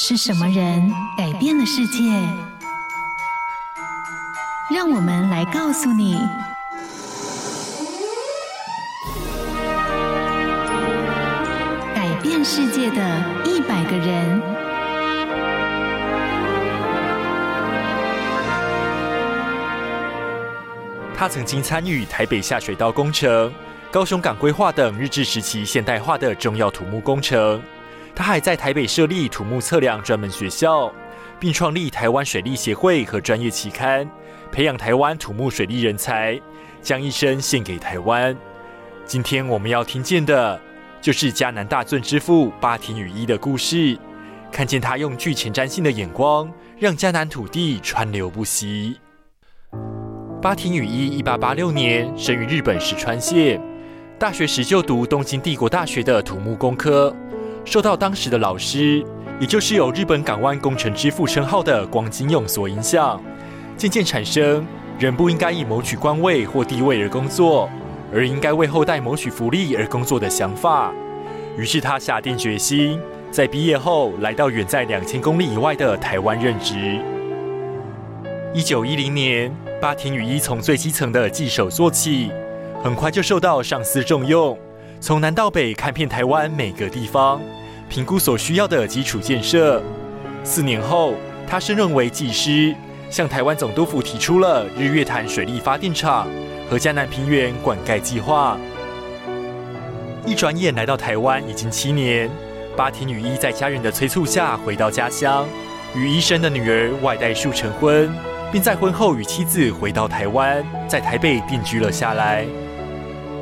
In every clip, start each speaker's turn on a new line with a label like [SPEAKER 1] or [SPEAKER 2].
[SPEAKER 1] 是什麼人改變了世界？讓我們來告訴你：改變世界的一百個人。他曾經參與台北下水道工程、高雄港規劃等日治時期現代化的重要土木工程。他還在台北設立土木測量專門學校，並創立臺灣水利協會和專業期刊，培養臺灣土木水利人才，將一生獻給臺灣。今天我們要聽見的，就是嘉南大圳之父八田與一的故事，看見他用具前瞻性的眼光，讓嘉南土地川流不息。八田與一，一八八六年生於日本石川縣，大學時就讀東京帝國大學的土木工科。受到當時的老師，也就是有日本港灣工程之父稱號的廣井勇所影響，漸漸產生人不應該以謀取官位或地位而工作，而應該為後代謀取福利而工作的想法。於是他下定決心，在畢業後來到遠在兩千公里以外的台灣任職。一九一零年，八田與一從最基層的技手做起，很快就受到上司重用。從南到北看遍台灣每個地方，評估所需要的基礎建設。四年後，他升任為技師，向台灣總督府提出了日月潭水力發電廠和嘉南平原灌溉計劃。一轉眼來到台灣已經七年，八田與一在家人的催促下回到家鄉，與醫生的女兒外代樹成婚，並在婚後與妻子回到台灣，在台北定居了下來。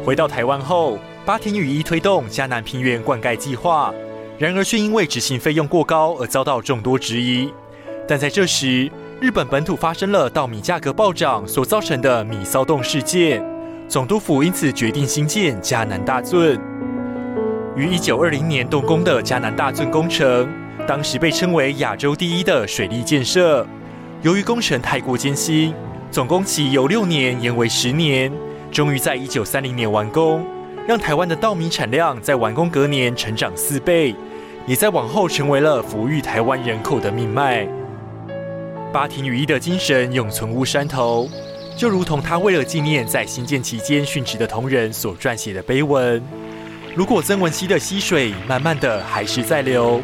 [SPEAKER 1] 回到台灣後。八田與一推動嘉南平原灌溉計劃，然而卻因為執行費用過高而遭到眾多質疑。但在這時，日本本土發生了稻米價格暴漲所造成的米騷動事件，總督府因此決定興建嘉南大圳。於一九二零年動工的嘉南大圳工程，當時被稱為亞洲第一的水利建設。由於工程太過艱辛，總工期由六年延為十年，終於在一九三零年完工，讓台灣的稻米產量在完工隔年成長四倍，也在往後成為了撫育台灣人口的命脈。八田與一的精神永存烏山頭，就如同他為了紀念在興建期間殉職的同仁所撰寫的碑文。如果曾文溪的溪水慢慢的還是在流，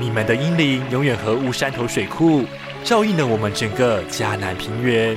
[SPEAKER 1] 你們的英靈永遠和烏山頭水庫照映了我們整個嘉南平原。